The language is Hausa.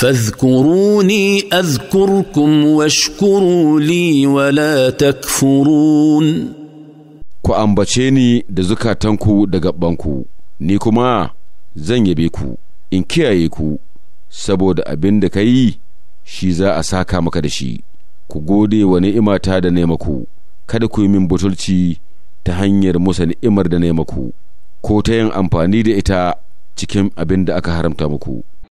فاذكروني اذكركم واشكروا لي ولا تكفرون ku ambace ni da zukatanku da gabanku ni kuma zan yabe ku in kiyaye ku saboda abin da ka yi shi za a saka maka da shi ku gode wa ni'imata da naimaku kada ku yi min butulci ta hanyar musa ni'imar da naimaku ko ta yin amfani da ita cikin abin da aka haramta muku